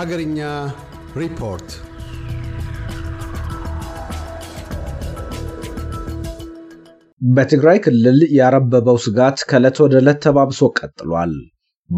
ሀገርኛ ሪፖርት በትግራይ ክልል ያረበበው ስጋት ከዕለት ወደ ዕለት ተባብሶ ቀጥሏል።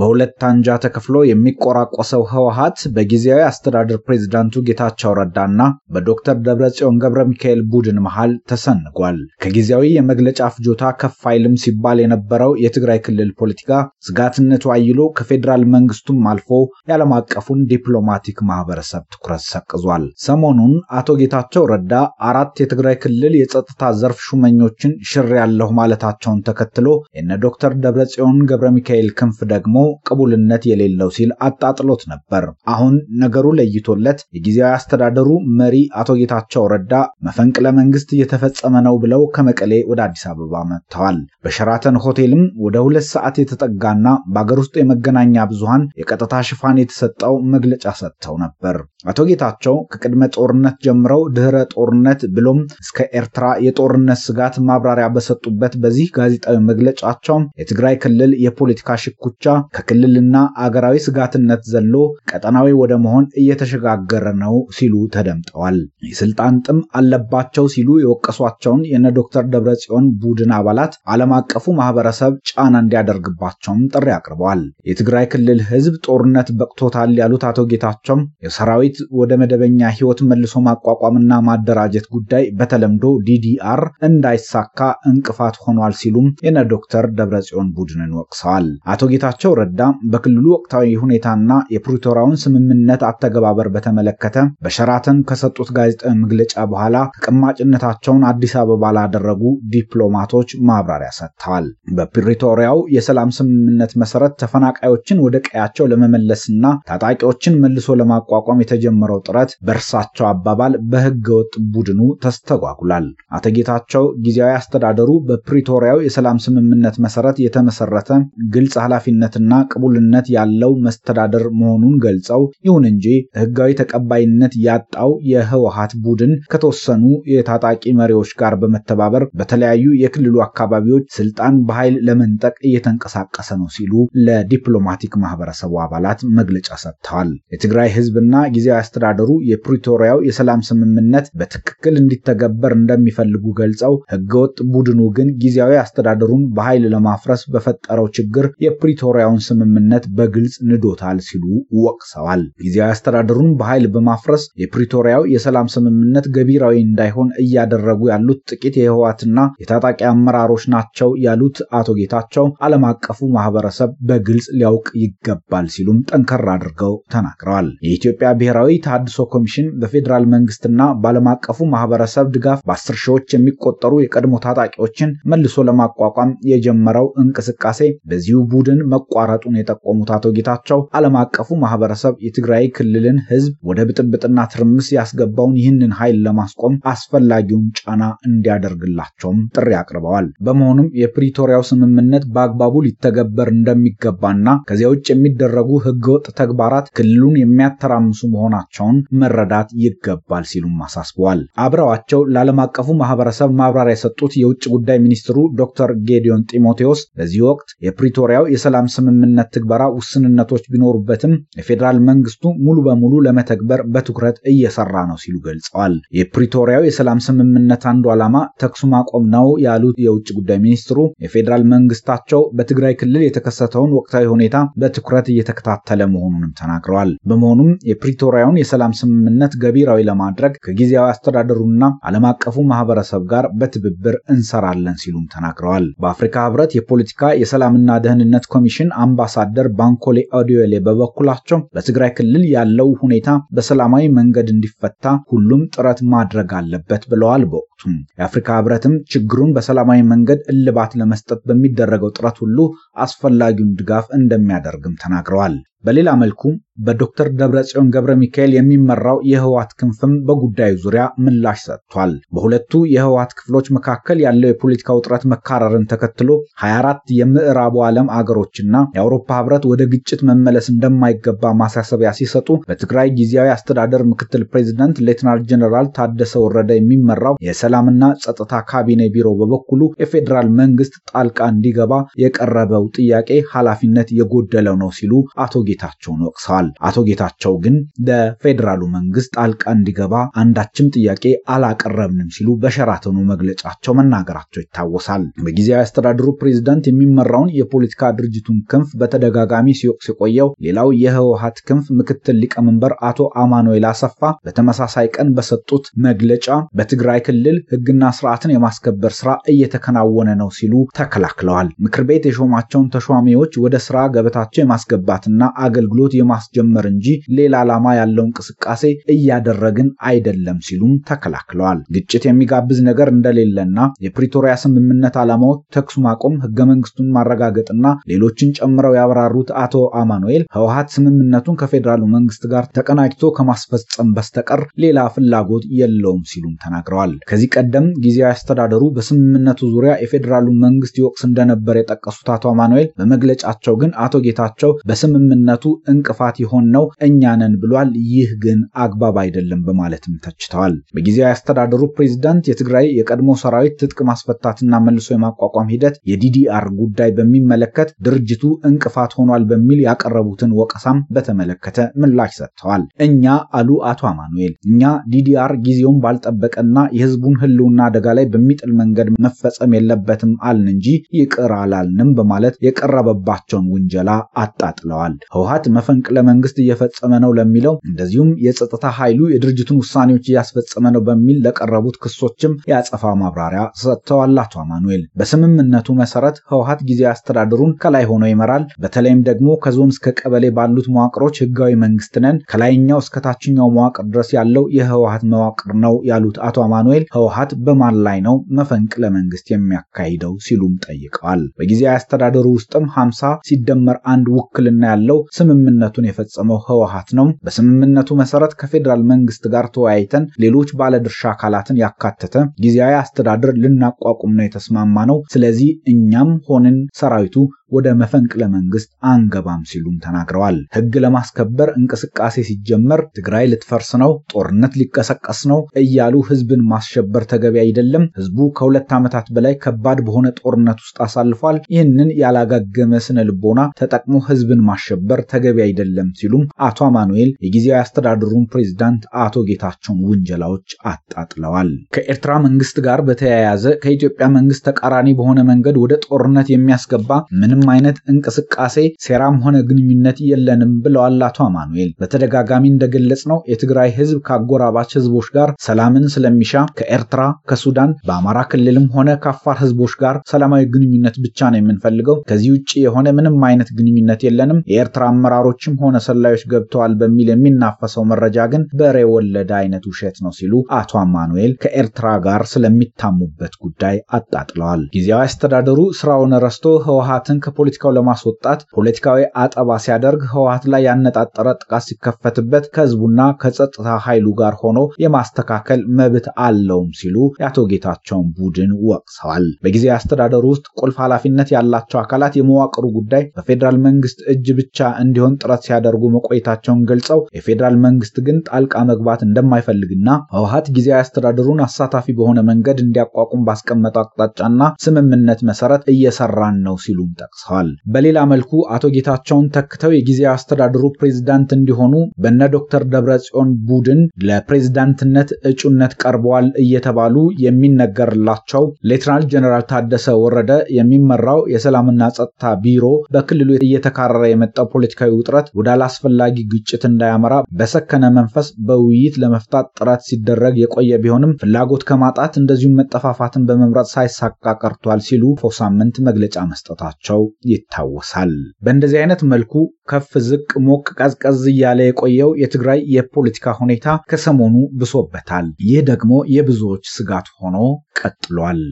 በሁለት አንጃ ተከፍሎ የሚቆራቆሰው ህወሀት በጊዜያዊ አስተዳደር ፕሬዝዳንቱ ጌታቸው ረዳና በዶክተር ደብረጽዮን ገብረ ሚካኤል ቡድን መሃል ተሰንጓል። ከጊዜያዊ የመግለጫ ፍጆታ ከፍ አይልም ሲባል የነበረው የትግራይ ክልል ፖለቲካ ስጋትነቱ አይሎ ከፌዴራል መንግስቱም አልፎ የዓለም አቀፉን ዲፕሎማቲክ ማህበረሰብ ትኩረት ሰቅዟል። ሰሞኑን አቶ ጌታቸው ረዳ አራት የትግራይ ክልል የጸጥታ ዘርፍ ሹመኞችን ሽር ያለሁ ማለታቸውን ተከትሎ የነ ዶክተር ደብረጽዮን ገብረ ሚካኤል ክንፍ ደግሞ ቅቡልነት የሌለው ሲል አጣጥሎት ነበር። አሁን ነገሩ ለይቶለት የጊዜያዊ አስተዳደሩ መሪ አቶ ጌታቸው ረዳ መፈንቅለ መንግስት እየተፈጸመ ነው ብለው ከመቀሌ ወደ አዲስ አበባ መጥተዋል። በሸራተን ሆቴልም ወደ ሁለት ሰዓት የተጠጋና በአገር ውስጥ የመገናኛ ብዙሃን የቀጥታ ሽፋን የተሰጠው መግለጫ ሰጥተው ነበር። አቶ ጌታቸው ከቅድመ ጦርነት ጀምረው ድህረ ጦርነት ብሎም እስከ ኤርትራ የጦርነት ስጋት ማብራሪያ በሰጡበት በዚህ ጋዜጣዊ መግለጫቸው የትግራይ ክልል የፖለቲካ ሽኩቻ ከክልልና አገራዊ ስጋትነት ዘሎ ቀጠናዊ ወደ መሆን እየተሸጋገረ ነው ሲሉ ተደምጠዋል። የስልጣን ጥም አለባቸው ሲሉ የወቀሷቸውን የነ ዶክተር ደብረጽዮን ቡድን አባላት ዓለም አቀፉ ማህበረሰብ ጫና እንዲያደርግባቸውም ጥሪ አቅርበዋል። የትግራይ ክልል ህዝብ ጦርነት በቅቶታል ያሉት አቶ ጌታቸውም የሰራዊት ወደ መደበኛ ህይወት መልሶ ማቋቋምና ማደራጀት ጉዳይ በተለምዶ ዲዲአር እንዳይሳካ እንቅፋት ሆኗል ሲሉም የነ ዶክተር ደብረጽዮን ቡድንን ወቅሰዋል። አቶ ጌታቸው ረዳ በክልሉ ወቅታዊ ሁኔታና የፕሪቶሪያውን ስምምነት አተገባበር በተመለከተ በሸራተን ከሰጡት ጋዜጣዊ መግለጫ በኋላ ተቀማጭነታቸውን አዲስ አበባ ላደረጉ ዲፕሎማቶች ማብራሪያ ሰጥተዋል። በፕሪቶሪያው የሰላም ስምምነት መሰረት ተፈናቃዮችን ወደ ቀያቸው ለመመለስና ታጣቂዎችን መልሶ ለማቋቋም የተጀመረው ጥረት በእርሳቸው አባባል በህገወጥ ቡድኑ ተስተጓጉላል። አቶ ጌታቸው ጊዜያዊ አስተዳደሩ በፕሪቶሪያው የሰላም ስምምነት መሰረት የተመሰረተ ግልጽ ኃላፊነትና እና ቅቡልነት ያለው መስተዳደር መሆኑን ገልጸው ይሁን እንጂ ህጋዊ ተቀባይነት ያጣው የህወሀት ቡድን ከተወሰኑ የታጣቂ መሪዎች ጋር በመተባበር በተለያዩ የክልሉ አካባቢዎች ስልጣን በኃይል ለመንጠቅ እየተንቀሳቀሰ ነው ሲሉ ለዲፕሎማቲክ ማህበረሰቡ አባላት መግለጫ ሰጥተዋል። የትግራይ ህዝብና ጊዜያዊ አስተዳደሩ የፕሪቶሪያው የሰላም ስምምነት በትክክል እንዲተገበር እንደሚፈልጉ ገልጸው ህገወጥ ቡድኑ ግን ጊዜያዊ አስተዳደሩን በኃይል ለማፍረስ በፈጠረው ችግር የፕሪቶሪያው የፕሪቶሪያውን ስምምነት በግልጽ ንዶታል ሲሉ ወቅሰዋል። ጊዜያዊ አስተዳደሩን በኃይል በማፍረስ የፕሪቶሪያው የሰላም ስምምነት ገቢራዊ እንዳይሆን እያደረጉ ያሉት ጥቂት የህወሓትና የታጣቂ አመራሮች ናቸው ያሉት አቶ ጌታቸው ዓለም አቀፉ ማህበረሰብ በግልጽ ሊያውቅ ይገባል ሲሉም ጠንከር አድርገው ተናግረዋል። የኢትዮጵያ ብሔራዊ ተሃድሶ ኮሚሽን በፌዴራል መንግስትና በዓለም አቀፉ ማህበረሰብ ድጋፍ በአስር ሺዎች የሚቆጠሩ የቀድሞ ታጣቂዎችን መልሶ ለማቋቋም የጀመረው እንቅስቃሴ በዚሁ ቡድን መቋ ማቋረጡን የጠቆሙት አቶ ጌታቸው ዓለም አቀፉ ማህበረሰብ የትግራይ ክልልን ህዝብ ወደ ብጥብጥና ትርምስ ያስገባውን ይህንን ኃይል ለማስቆም አስፈላጊውን ጫና እንዲያደርግላቸውም ጥሪ አቅርበዋል። በመሆኑም የፕሪቶሪያው ስምምነት በአግባቡ ሊተገበር እንደሚገባና ከዚያ ውጭ የሚደረጉ ህገወጥ ተግባራት ክልሉን የሚያተራምሱ መሆናቸውን መረዳት ይገባል ሲሉም አሳስበዋል። አብረዋቸው ለዓለም አቀፉ ማህበረሰብ ማብራሪያ የሰጡት የውጭ ጉዳይ ሚኒስትሩ ዶክተር ጌዲዮን ጢሞቴዎስ በዚህ ወቅት የፕሪቶሪያው የሰላም ስምምነት የስምምነት ትግበራ ውስንነቶች ቢኖሩበትም የፌዴራል መንግስቱ ሙሉ በሙሉ ለመተግበር በትኩረት እየሰራ ነው ሲሉ ገልጸዋል። የፕሪቶሪያው የሰላም ስምምነት አንዱ ዓላማ ተኩስ ማቆም ነው ያሉት የውጭ ጉዳይ ሚኒስትሩ የፌዴራል መንግስታቸው በትግራይ ክልል የተከሰተውን ወቅታዊ ሁኔታ በትኩረት እየተከታተለ መሆኑንም ተናግረዋል። በመሆኑም የፕሪቶሪያውን የሰላም ስምምነት ገቢራዊ ለማድረግ ከጊዜያዊ አስተዳደሩና ዓለም አቀፉ ማህበረሰብ ጋር በትብብር እንሰራለን ሲሉም ተናግረዋል። በአፍሪካ ህብረት የፖለቲካ የሰላምና ደህንነት ኮሚሽን አምባሳደር ባንኮሌ ኦዲዮሌ በበኩላቸው በትግራይ ክልል ያለው ሁኔታ በሰላማዊ መንገድ እንዲፈታ ሁሉም ጥረት ማድረግ አለበት ብለዋል። አልተፈቱም። የአፍሪካ ህብረትም ችግሩን በሰላማዊ መንገድ እልባት ለመስጠት በሚደረገው ጥረት ሁሉ አስፈላጊውን ድጋፍ እንደሚያደርግም ተናግረዋል። በሌላ መልኩ በዶክተር ደብረጽዮን ገብረ ሚካኤል የሚመራው የህወሓት ክንፍም በጉዳዩ ዙሪያ ምላሽ ሰጥቷል። በሁለቱ የህወሓት ክፍሎች መካከል ያለው የፖለቲካ ውጥረት መካረርን ተከትሎ 24 የምዕራቡ ዓለም አገሮችና የአውሮፓ ህብረት ወደ ግጭት መመለስ እንደማይገባ ማሳሰቢያ ሲሰጡ በትግራይ ጊዜያዊ አስተዳደር ምክትል ፕሬዚዳንት ሌትናል ጀነራል ታደሰ ወረደ የሚመራው የሰላም ሰላምና ጸጥታ ካቢኔ ቢሮ በበኩሉ የፌዴራል መንግስት ጣልቃ እንዲገባ የቀረበው ጥያቄ ኃላፊነት የጎደለው ነው ሲሉ አቶ ጌታቸውን ወቅሰዋል። አቶ ጌታቸው ግን ለፌዴራሉ መንግስት ጣልቃ እንዲገባ አንዳችም ጥያቄ አላቀረብንም ሲሉ በሸራተኑ መግለጫቸው መናገራቸው ይታወሳል። በጊዜያዊ አስተዳደሩ ፕሬዝዳንት የሚመራውን የፖለቲካ ድርጅቱን ክንፍ በተደጋጋሚ ሲወቅስ የቆየው ሌላው የህወሀት ክንፍ ምክትል ሊቀመንበር አቶ አማኑኤል አሰፋ በተመሳሳይ ቀን በሰጡት መግለጫ በትግራይ ክልል ህግና ስርዓትን የማስከበር ስራ እየተከናወነ ነው ሲሉ ተከላክለዋል። ምክር ቤት የሾማቸውን ተሿሚዎች ወደ ስራ ገበታቸው የማስገባትና አገልግሎት የማስጀመር እንጂ ሌላ ዓላማ ያለው እንቅስቃሴ እያደረግን አይደለም ሲሉም ተከላክለዋል። ግጭት የሚጋብዝ ነገር እንደሌለና የፕሪቶሪያ ስምምነት ዓላማዎች ተኩስ ማቆም፣ ህገ መንግስቱን ማረጋገጥና ሌሎችን ጨምረው ያብራሩት አቶ አማኑኤል ህወሀት ስምምነቱን ከፌዴራሉ መንግስት ጋር ተቀናጅቶ ከማስፈጸም በስተቀር ሌላ ፍላጎት የለውም ሲሉም ተናግረዋል። ከዚህ ቀደም ጊዜያዊ አስተዳደሩ በስምምነቱ ዙሪያ የፌዴራሉን መንግስት ይወቅስ እንደነበር የጠቀሱት አቶ አማኑኤል በመግለጫቸው ግን አቶ ጌታቸው በስምምነቱ እንቅፋት ይሆን ነው እኛንን ብሏል። ይህ ግን አግባብ አይደለም በማለትም ተችተዋል። በጊዜያዊ አስተዳደሩ ፕሬዚዳንት የትግራይ የቀድሞ ሰራዊት ትጥቅ ማስፈታትና መልሶ የማቋቋም ሂደት የዲዲአር ጉዳይ በሚመለከት ድርጅቱ እንቅፋት ሆኗል በሚል ያቀረቡትን ወቀሳም በተመለከተ ምላሽ ሰጥተዋል። እኛ አሉ አቶ አማኑኤል እኛ ዲዲአር ጊዜውን ባልጠበቀና የህዝቡ የህዝቡን ህልውና አደጋ ላይ በሚጥል መንገድ መፈጸም የለበትም አልን እንጂ ይቅር አላልንም በማለት የቀረበባቸውን ውንጀላ አጣጥለዋል። ህውሃት መፈንቅለ መንግስት እየፈጸመ ነው ለሚለው እንደዚሁም የጸጥታ ኃይሉ የድርጅቱን ውሳኔዎች እያስፈጸመ ነው በሚል ለቀረቡት ክሶችም የአጸፋ ማብራሪያ ሰጥተዋል። አቶ አማኑኤል በስምምነቱ መሰረት ህውሃት ጊዜ አስተዳደሩን ከላይ ሆኖ ይመራል። በተለይም ደግሞ ከዞን እስከ ቀበሌ ባሉት መዋቅሮች ህጋዊ መንግስት ነን፣ ከላይኛው እስከ ታችኛው መዋቅር ድረስ ያለው የህውሃት መዋቅር ነው ያሉት አቶ አማኑኤል ህወሀት በማን ላይ ነው መፈንቅለ መንግስት የሚያካሂደው ሲሉም ጠይቀዋል። በጊዜያዊ አስተዳደሩ ውስጥም ሀምሳ ሲደመር አንድ ውክልና ያለው ስምምነቱን የፈጸመው ህወሀት ነው። በስምምነቱ መሰረት ከፌዴራል መንግስት ጋር ተወያይተን ሌሎች ባለድርሻ አካላትን ያካተተ ጊዜያዊ አስተዳደር ልናቋቁም ነው የተስማማ ነው። ስለዚህ እኛም ሆንን ሰራዊቱ ወደ መፈንቅለ መንግስት አንገባም ሲሉም ተናግረዋል። ህግ ለማስከበር እንቅስቃሴ ሲጀመር ትግራይ ልትፈርስ ነው፣ ጦርነት ሊቀሰቀስ ነው እያሉ ህዝብን ማስሸበር ተገቢ አይደለም። ህዝቡ ከሁለት ዓመታት በላይ ከባድ በሆነ ጦርነት ውስጥ አሳልፏል። ይህንን ያላጋገመ ስነ ልቦና ተጠቅሞ ህዝብን ማሸበር ተገቢ አይደለም ሲሉም አቶ አማኑኤል የጊዜያዊ አስተዳደሩን ፕሬዚዳንት አቶ ጌታቸውን ውንጀላዎች አጣጥለዋል። ከኤርትራ መንግስት ጋር በተያያዘ ከኢትዮጵያ መንግስት ተቃራኒ በሆነ መንገድ ወደ ጦርነት የሚያስገባ ምንም ምንም አይነት እንቅስቃሴ ሴራም ሆነ ግንኙነት የለንም ብለዋል አቶ አማኑኤል። በተደጋጋሚ እንደገለጽ ነው የትግራይ ህዝብ ከአጎራባች ህዝቦች ጋር ሰላምን ስለሚሻ ከኤርትራ፣ ከሱዳን፣ በአማራ ክልልም ሆነ ከአፋር ህዝቦች ጋር ሰላማዊ ግንኙነት ብቻ ነው የምንፈልገው። ከዚህ ውጭ የሆነ ምንም አይነት ግንኙነት የለንም። የኤርትራ አመራሮችም ሆነ ሰላዮች ገብተዋል በሚል የሚናፈሰው መረጃ ግን በሬ ወለደ አይነት ውሸት ነው ሲሉ አቶ አማኑኤል ከኤርትራ ጋር ስለሚታሙበት ጉዳይ አጣጥለዋል። ጊዜያዊ አስተዳደሩ ስራውን ረስቶ ህወሀትን ከፖለቲካው ለማስወጣት ፖለቲካዊ አጠባ ሲያደርግ ህወሀት ላይ ያነጣጠረ ጥቃት ሲከፈትበት ከህዝቡና ከጸጥታ ኃይሉ ጋር ሆኖ የማስተካከል መብት አለውም ሲሉ የአቶ ጌታቸውን ቡድን ወቅሰዋል። በጊዜ አስተዳደሩ ውስጥ ቁልፍ ኃላፊነት ያላቸው አካላት የመዋቅሩ ጉዳይ በፌዴራል መንግስት እጅ ብቻ እንዲሆን ጥረት ሲያደርጉ መቆየታቸውን ገልጸው የፌዴራል መንግስት ግን ጣልቃ መግባት እንደማይፈልግና ህወሀት ጊዜያዊ አስተዳደሩን አሳታፊ በሆነ መንገድ እንዲያቋቁም ባስቀመጠው አቅጣጫና ስምምነት መሰረት እየሰራን ነው ሲሉም ጠቅሰዋል። ገልጸዋል። በሌላ መልኩ አቶ ጌታቸውን ተክተው የጊዜ አስተዳደሩ ፕሬዝዳንት እንዲሆኑ በነ ዶክተር ደብረጽዮን ቡድን ለፕሬዝዳንትነት እጩነት ቀርበዋል እየተባሉ የሚነገርላቸው ሌትናል ጀነራል ታደሰ ወረደ የሚመራው የሰላምና ጸጥታ ቢሮ በክልሉ እየተካረረ የመጣው ፖለቲካዊ ውጥረት ወደ አላስፈላጊ ግጭት እንዳያመራ በሰከነ መንፈስ በውይይት ለመፍታት ጥረት ሲደረግ የቆየ ቢሆንም ፍላጎት ከማጣት እንደዚሁም መጠፋፋትን በመምረጥ ሳይሳካ ቀርቷል ሲሉ ፎ ሳምንት መግለጫ መስጠታቸው ይታወሳል። በእንደዚህ አይነት መልኩ ከፍ ዝቅ ሞቅ ቀዝቀዝ እያለ የቆየው የትግራይ የፖለቲካ ሁኔታ ከሰሞኑ ብሶበታል። ይህ ደግሞ የብዙዎች ስጋት ሆኖ ቀጥሏል።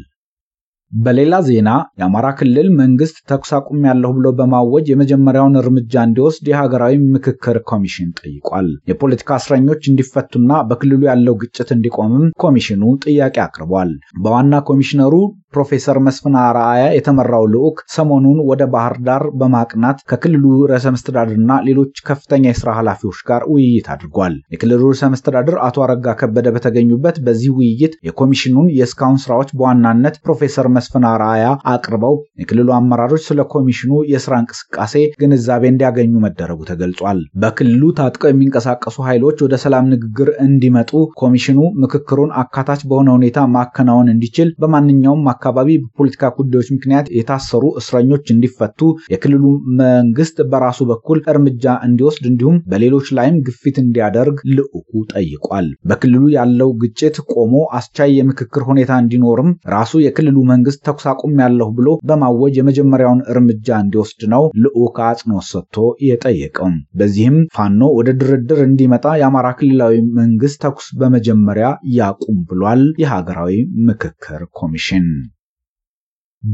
በሌላ ዜና የአማራ ክልል መንግስት ተኩስ አቁም ያለሁ ብሎ በማወጅ የመጀመሪያውን እርምጃ እንዲወስድ የሀገራዊ ምክክር ኮሚሽን ጠይቋል። የፖለቲካ እስረኞች እንዲፈቱና በክልሉ ያለው ግጭት እንዲቆምም ኮሚሽኑ ጥያቄ አቅርቧል። በዋና ኮሚሽነሩ ፕሮፌሰር መስፍን አርአያ የተመራው ልዑክ ሰሞኑን ወደ ባህር ዳር በማቅናት ከክልሉ ርዕሰ መስተዳድርና ሌሎች ከፍተኛ የስራ ኃላፊዎች ጋር ውይይት አድርጓል። የክልሉ ርዕሰ መስተዳድር አቶ አረጋ ከበደ በተገኙበት በዚህ ውይይት የኮሚሽኑን የእስካሁን ስራዎች በዋናነት ፕሮፌሰር መስፍን አርአያ አቅርበው የክልሉ አመራሮች ስለ ኮሚሽኑ የስራ እንቅስቃሴ ግንዛቤ እንዲያገኙ መደረጉ ተገልጿል። በክልሉ ታጥቀው የሚንቀሳቀሱ ኃይሎች ወደ ሰላም ንግግር እንዲመጡ ኮሚሽኑ ምክክሩን አካታች በሆነ ሁኔታ ማከናወን እንዲችል፣ በማንኛውም አካባቢ በፖለቲካ ጉዳዮች ምክንያት የታሰሩ እስረኞች እንዲፈቱ የክልሉ መንግስት በራሱ በኩል እርምጃ እንዲወስድ እንዲሁም በሌሎች ላይም ግፊት እንዲያደርግ ልዑኩ ጠይቋል። በክልሉ ያለው ግጭት ቆሞ አስቻይ የምክክር ሁኔታ እንዲኖርም ራሱ የክልሉ መንግስት መንግስት ተኩስ አቁሜያለሁ ብሎ በማወጅ የመጀመሪያውን እርምጃ እንዲወስድ ነው ልዑክ አጽንኦት ሰጥቶ የጠየቀው። በዚህም ፋኖ ወደ ድርድር እንዲመጣ የአማራ ክልላዊ መንግስት ተኩስ በመጀመሪያ ያቁም ብሏል የሀገራዊ ምክክር ኮሚሽን።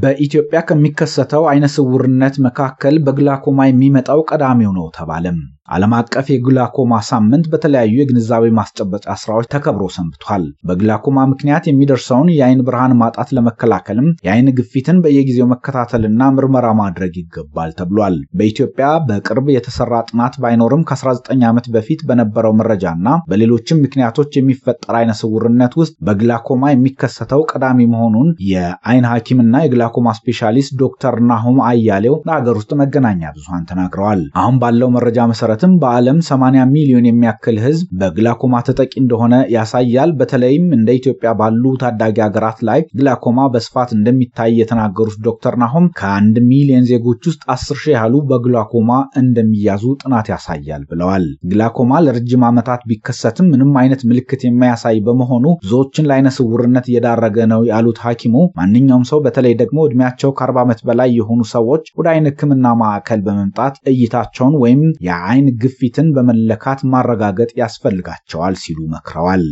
በኢትዮጵያ ከሚከሰተው አይነ ስውርነት መካከል በግላኮማ የሚመጣው ቀዳሚው ነው ተባለም። ዓለም አቀፍ የግላኮማ ሳምንት በተለያዩ የግንዛቤ ማስጨበጫ ስራዎች ተከብሮ ሰንብቷል። በግላኮማ ምክንያት የሚደርሰውን የአይን ብርሃን ማጣት ለመከላከልም የአይን ግፊትን በየጊዜው መከታተልና ምርመራ ማድረግ ይገባል ተብሏል። በኢትዮጵያ በቅርብ የተሰራ ጥናት ባይኖርም ከ19 ዓመት በፊት በነበረው መረጃና በሌሎችም ምክንያቶች የሚፈጠር አይነ ስውርነት ውስጥ በግላኮማ የሚከሰተው ቀዳሚ መሆኑን የአይን ሐኪምና የግላኮማ ስፔሻሊስት ዶክተር ናሁም አያሌው ለአገር ውስጥ መገናኛ ብዙሃን ተናግረዋል። አሁን ባለው መረጃ መሰረት መሰረትም በዓለም 80 ሚሊዮን የሚያክል ህዝብ በግላኮማ ተጠቂ እንደሆነ ያሳያል። በተለይም እንደ ኢትዮጵያ ባሉ ታዳጊ ሀገራት ላይ ግላኮማ በስፋት እንደሚታይ የተናገሩት ዶክተር ናሆም ከአንድ ሚሊዮን ዜጎች ውስጥ 10 ሺህ ያህሉ በግላኮማ እንደሚያዙ ጥናት ያሳያል ብለዋል። ግላኮማ ለረጅም ዓመታት ቢከሰትም ምንም አይነት ምልክት የማያሳይ በመሆኑ ብዙዎችን ለዓይነ ስውርነት እየዳረገ ነው ያሉት ሐኪሙ ማንኛውም ሰው በተለይ ደግሞ እድሜያቸው ከ40 ዓመት በላይ የሆኑ ሰዎች ወደ አይን ህክምና ማዕከል በመምጣት እይታቸውን ወይም የአይን ግፊትን በመለካት ማረጋገጥ ያስፈልጋቸዋል ሲሉ መክረዋል።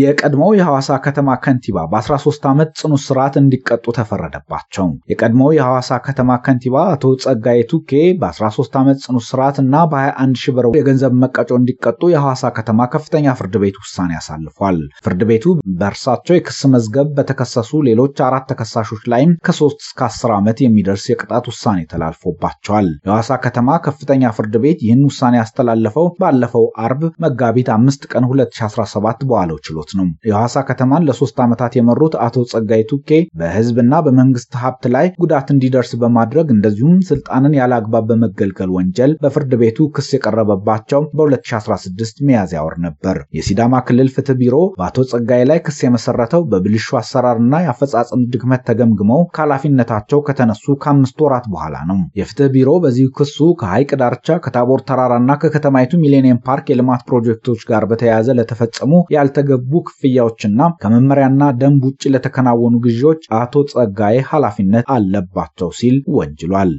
የቀድሞው የሐዋሳ ከተማ ከንቲባ በ13 ዓመት ጽኑ እስራት እንዲቀጡ ተፈረደባቸው። የቀድሞው የሐዋሳ ከተማ ከንቲባ አቶ ጸጋዬ ቱኬ በ13 ዓመት ጽኑ እስራት እና በ21 ሺህ ብር የገንዘብ መቀጮ እንዲቀጡ የሐዋሳ ከተማ ከፍተኛ ፍርድ ቤት ውሳኔ አሳልፏል። ፍርድ ቤቱ በእርሳቸው የክስ መዝገብ በተከሰሱ ሌሎች አራት ተከሳሾች ላይም ከ3 እስከ 10 ዓመት የሚደርስ የቅጣት ውሳኔ ተላልፎባቸዋል። የሐዋሳ ከተማ ከፍተኛ ፍርድ ቤት ይህን ውሳኔ ያስተላለፈው ባለፈው አርብ መጋቢት 5 ቀን 2017 በዋለው ችሎ ችሎት ነው። የሐዋሳ ከተማን ለሶስት ዓመታት የመሩት አቶ ጸጋይ ቱኬ በህዝብና በመንግስት ሀብት ላይ ጉዳት እንዲደርስ በማድረግ እንደዚሁም ስልጣንን ያለ አግባብ በመገልገል ወንጀል በፍርድ ቤቱ ክስ የቀረበባቸው በ2016 ሚያዝያ ወር ነበር። የሲዳማ ክልል ፍትህ ቢሮ በአቶ ጸጋይ ላይ ክስ የመሰረተው በብልሹ አሰራርና የአፈጻጸም ድክመት ተገምግመው ከኃላፊነታቸው ከተነሱ ከአምስት ወራት በኋላ ነው። የፍትህ ቢሮ በዚሁ ክሱ ከሐይቅ ዳርቻ ከታቦር ተራራና ከከተማይቱ ሚሌኒየም ፓርክ የልማት ፕሮጀክቶች ጋር በተያያዘ ለተፈጸሙ ያልተገቡ ለተገቡ ክፍያዎችና ከመመሪያና ደንብ ውጭ ለተከናወኑ ግዢዎች አቶ ጸጋዬ ኃላፊነት አለባቸው ሲል ወንጅሏል።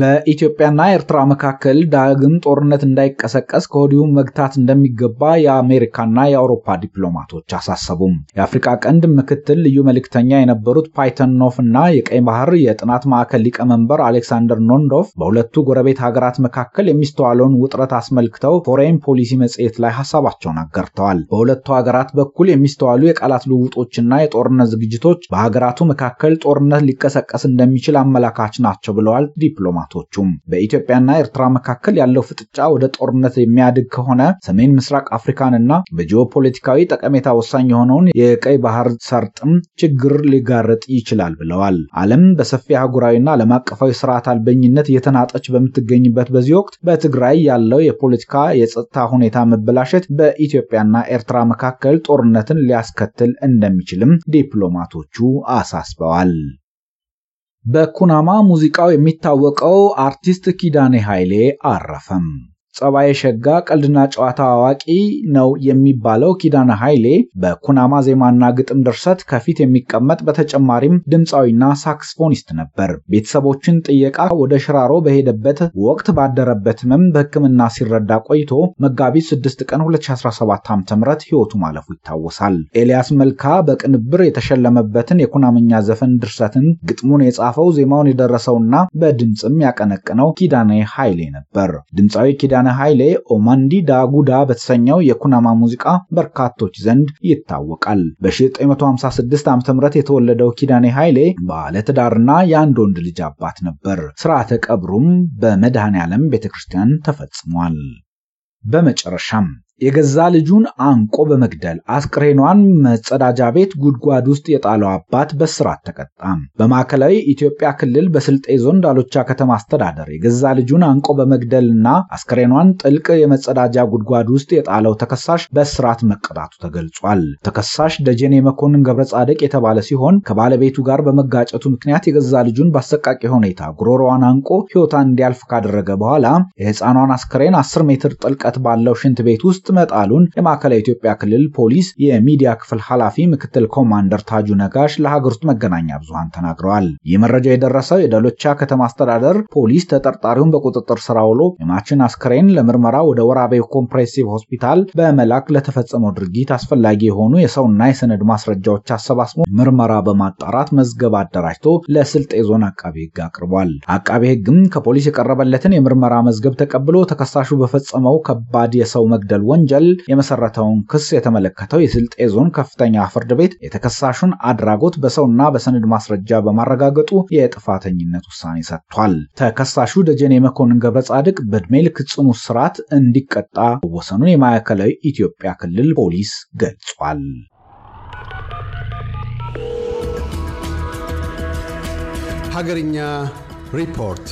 በኢትዮጵያና ኤርትራ መካከል ዳግም ጦርነት እንዳይቀሰቀስ ከወዲሁ መግታት እንደሚገባ የአሜሪካና የአውሮፓ ዲፕሎማቶች አሳሰቡም። የአፍሪካ ቀንድ ምክትል ልዩ መልእክተኛ የነበሩት ፓይተን ኖፍ እና የቀይ ባህር የጥናት ማዕከል ሊቀመንበር አሌክሳንደር ኖንዶፍ በሁለቱ ጎረቤት ሀገራት መካከል የሚስተዋለውን ውጥረት አስመልክተው ፎሬን ፖሊሲ መጽሔት ላይ ሀሳባቸውን አጋርተዋል። በሁለቱ ሀገራት በኩል የሚስተዋሉ የቃላት ልውውጦችና የጦርነት ዝግጅቶች በሀገራቱ መካከል ጦርነት ሊቀሰቀስ እንደሚችል አመላካች ናቸው ብለዋል ዲፕሎማ ዲፕሎማቶቹም በኢትዮጵያና ኤርትራ መካከል ያለው ፍጥጫ ወደ ጦርነት የሚያድግ ከሆነ ሰሜን ምስራቅ አፍሪካንና በጂኦፖለቲካዊ ጠቀሜታ ወሳኝ የሆነውን የቀይ ባህር ሰርጥም ችግር ሊጋረጥ ይችላል ብለዋል። ዓለም በሰፊ አህጉራዊና ዓለም አቀፋዊ ስርዓት አልበኝነት እየተናጠች በምትገኝበት በዚህ ወቅት በትግራይ ያለው የፖለቲካ የጸጥታ ሁኔታ መበላሸት በኢትዮጵያና ኤርትራ መካከል ጦርነትን ሊያስከትል እንደሚችልም ዲፕሎማቶቹ አሳስበዋል። በኩናማ ሙዚቃው የሚታወቀው አርቲስት ኪዳኔ ኃይሌ አረፈም። ጸባይ ሸጋ ቀልድና ጨዋታ አዋቂ ነው የሚባለው ኪዳነ ኃይሌ በኩናማ ዜማና ግጥም ድርሰት ከፊት የሚቀመጥ በተጨማሪም ድምፃዊና ሳክስፎኒስት ነበር። ቤተሰቦችን ጥየቃ ወደ ሽራሮ በሄደበት ወቅት ባደረበት ህመም በሕክምና ሲረዳ ቆይቶ መጋቢት 6 ቀን 2017 ዓ.ም ህይወቱ ማለፉ ይታወሳል። ኤልያስ መልካ በቅንብር የተሸለመበትን የኩናምኛ ዘፈን ድርሰትን ግጥሙን የጻፈው ዜማውን የደረሰውና በድምፅም ያቀነቅነው ኪዳነ ኃይሌ ነበር። ድምፃዊ ኪዳነ ብርሃነ ኃይሌ ኦማንዲ ዳጉዳ በተሰኘው የኩናማ ሙዚቃ በርካቶች ዘንድ ይታወቃል። በ1956 ዓ ም የተወለደው ኪዳኔ ኃይሌ ባለትዳርና የአንድ ወንድ ልጅ አባት ነበር። ስርዓተ ቀብሩም በመድኃኔ ዓለም ቤተ ክርስቲያን ተፈጽሟል። በመጨረሻም የገዛ ልጁን አንቆ በመግደል አስክሬኗን መጸዳጃ ቤት ጉድጓድ ውስጥ የጣለው አባት በስራት ተቀጣም። በማዕከላዊ ኢትዮጵያ ክልል በስልጤ ዞን ዳሎቻ ከተማ አስተዳደር የገዛ ልጁን አንቆ በመግደልና አስክሬኗን ጥልቅ የመጸዳጃ ጉድጓድ ውስጥ የጣለው ተከሳሽ በስራት መቀጣቱ ተገልጿል። ተከሳሽ ደጀኔ መኮንን ገብረ ጻድቅ የተባለ ሲሆን ከባለቤቱ ጋር በመጋጨቱ ምክንያት የገዛ ልጁን በአሰቃቂ ሁኔታ ጉሮሮዋን አንቆ ሕይወቷ እንዲያልፍ ካደረገ በኋላ የህፃኗን አስክሬን 10 ሜትር ጥልቀት ባለው ሽንት ቤት ውስጥ መጣሉን የማዕከላዊ ኢትዮጵያ ክልል ፖሊስ የሚዲያ ክፍል ኃላፊ ምክትል ኮማንደር ታጁ ነጋሽ ለሀገር ውስጥ መገናኛ ብዙሃን ተናግረዋል። ይህ መረጃ የደረሰው የዳሎቻ ከተማ አስተዳደር ፖሊስ ተጠርጣሪውን በቁጥጥር ስራ ውሎ የማችን አስክሬን ለምርመራ ወደ ወራቤ ኮምፕሬሲቭ ሆስፒታል በመላክ ለተፈጸመው ድርጊት አስፈላጊ የሆኑ የሰውና የሰነድ ማስረጃዎች አሰባስቦ ምርመራ በማጣራት መዝገብ አደራጅቶ ለስልጤ ዞን አቃቤ ሕግ አቅርቧል። አቃቤ ሕግም ከፖሊስ የቀረበለትን የምርመራ መዝገብ ተቀብሎ ተከሳሹ በፈጸመው ከባድ የሰው መግደል ወንጀል የመሰረተውን ክስ የተመለከተው የስልጤ ዞን ከፍተኛ ፍርድ ቤት የተከሳሹን አድራጎት በሰውና በሰነድ ማስረጃ በማረጋገጡ የጥፋተኝነት ውሳኔ ሰጥቷል። ተከሳሹ ደጀኔ መኮንን ገብረ ጻድቅ በዕድሜ ልክ ጽኑ እስራት እንዲቀጣ መወሰኑን የማዕከላዊ ኢትዮጵያ ክልል ፖሊስ ገልጿል። ሀገርኛ ሪፖርት